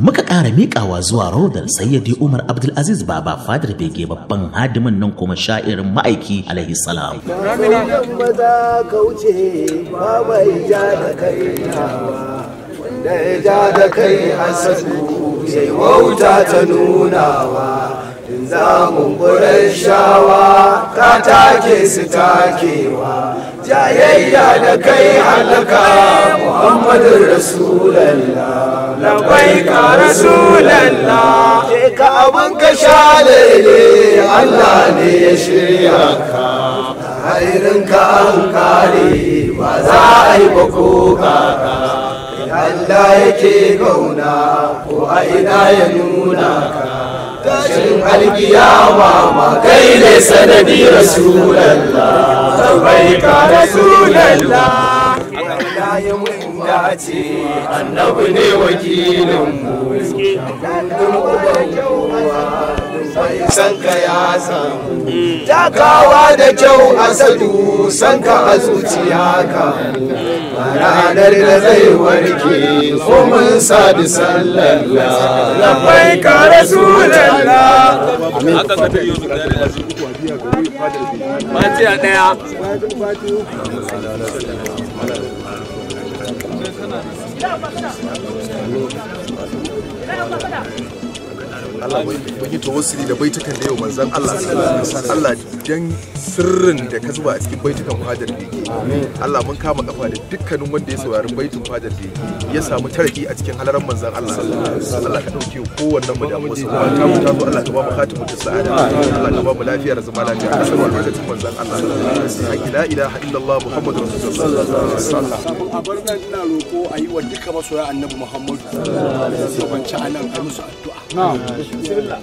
muka ƙara miƙawa zuwa rodar sayyadi umar abdulaziz baba fadar bege babban hadimin nan kuma sha'irin ma'aiki alaihi salam maza ka bai ja da kai wanda ya ja da kai wauta ta nunawa in za kumburin shawa ka take su takewa jayayya da kai halaka muhammadin rasulallah labbaik ka rasulallah ke ka abun ka sha Allah ne ya shirya ka hairin ka an kare ba za a yi ba ko ka Allah yake gauna ko a ina ya nuna ka tashin alkiyama ma kai ne sanadi rasulallah labbaik ka rasulallah Allah ya dace annabi ne wakilin mu dun kowa ya samu takawa da kyau a sadu san a zuciya ka ranar da zai warke komin sadu sallallahu labai ka rasu Allah bai yi tawassuli da baitukan da yau manzan Allah sallallahu alaihi wasallam wajen sirrin da ka zuba a cikin baitukan fadar da yake Allah mun kama kafa da dukkanin wanda ya saurari baitun fadar da yake ya samu tarihi a cikin halarar manzan Allah Allah ka dauke kowanne mu da wasu ba ta mu tazo Allah ka ba mu khatimu da sa'ada Allah ka ba mu lafiya da zama lafiya a sabon lokacin manzan Allah hakki la ilaha illallah muhammadur rasulullah sallallahu alaihi a bar nan ina roko a yi wa duka masoya annabi muhammadu sallallahu alaihi wasallam a musu addu'a na'am bismillah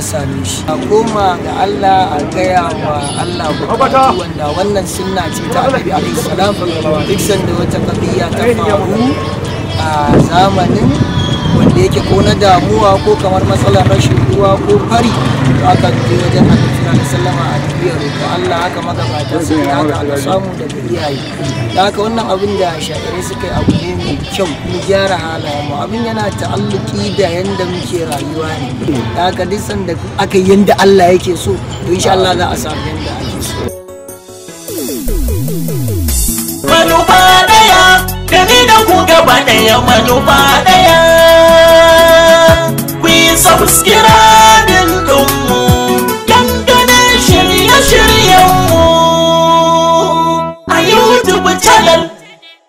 ta same shi a koma da Allah a gaya wa Allah wanda wannan sunna ce ta Annabi alaihi salam duk sanda wata kabiya ta faru a zamanin wanda yake ko na damuwa ko kamar matsalar rashin ruwa ko fari to aka je wajen annabi na alaihi a duniya roƙo Allah haka magabatan sai ga aka samu daga iyaye da haka wannan abin da shakarai suka yi abu ne mai kyau mu gyara halayen mu abin yana ta'alluki da yanda muke rayuwa ne da haka duk sanda aka yi yanda Allah yake so to insha Allah za a samu yanda ake so manufa daya da ni da ku gaba daya manufa daya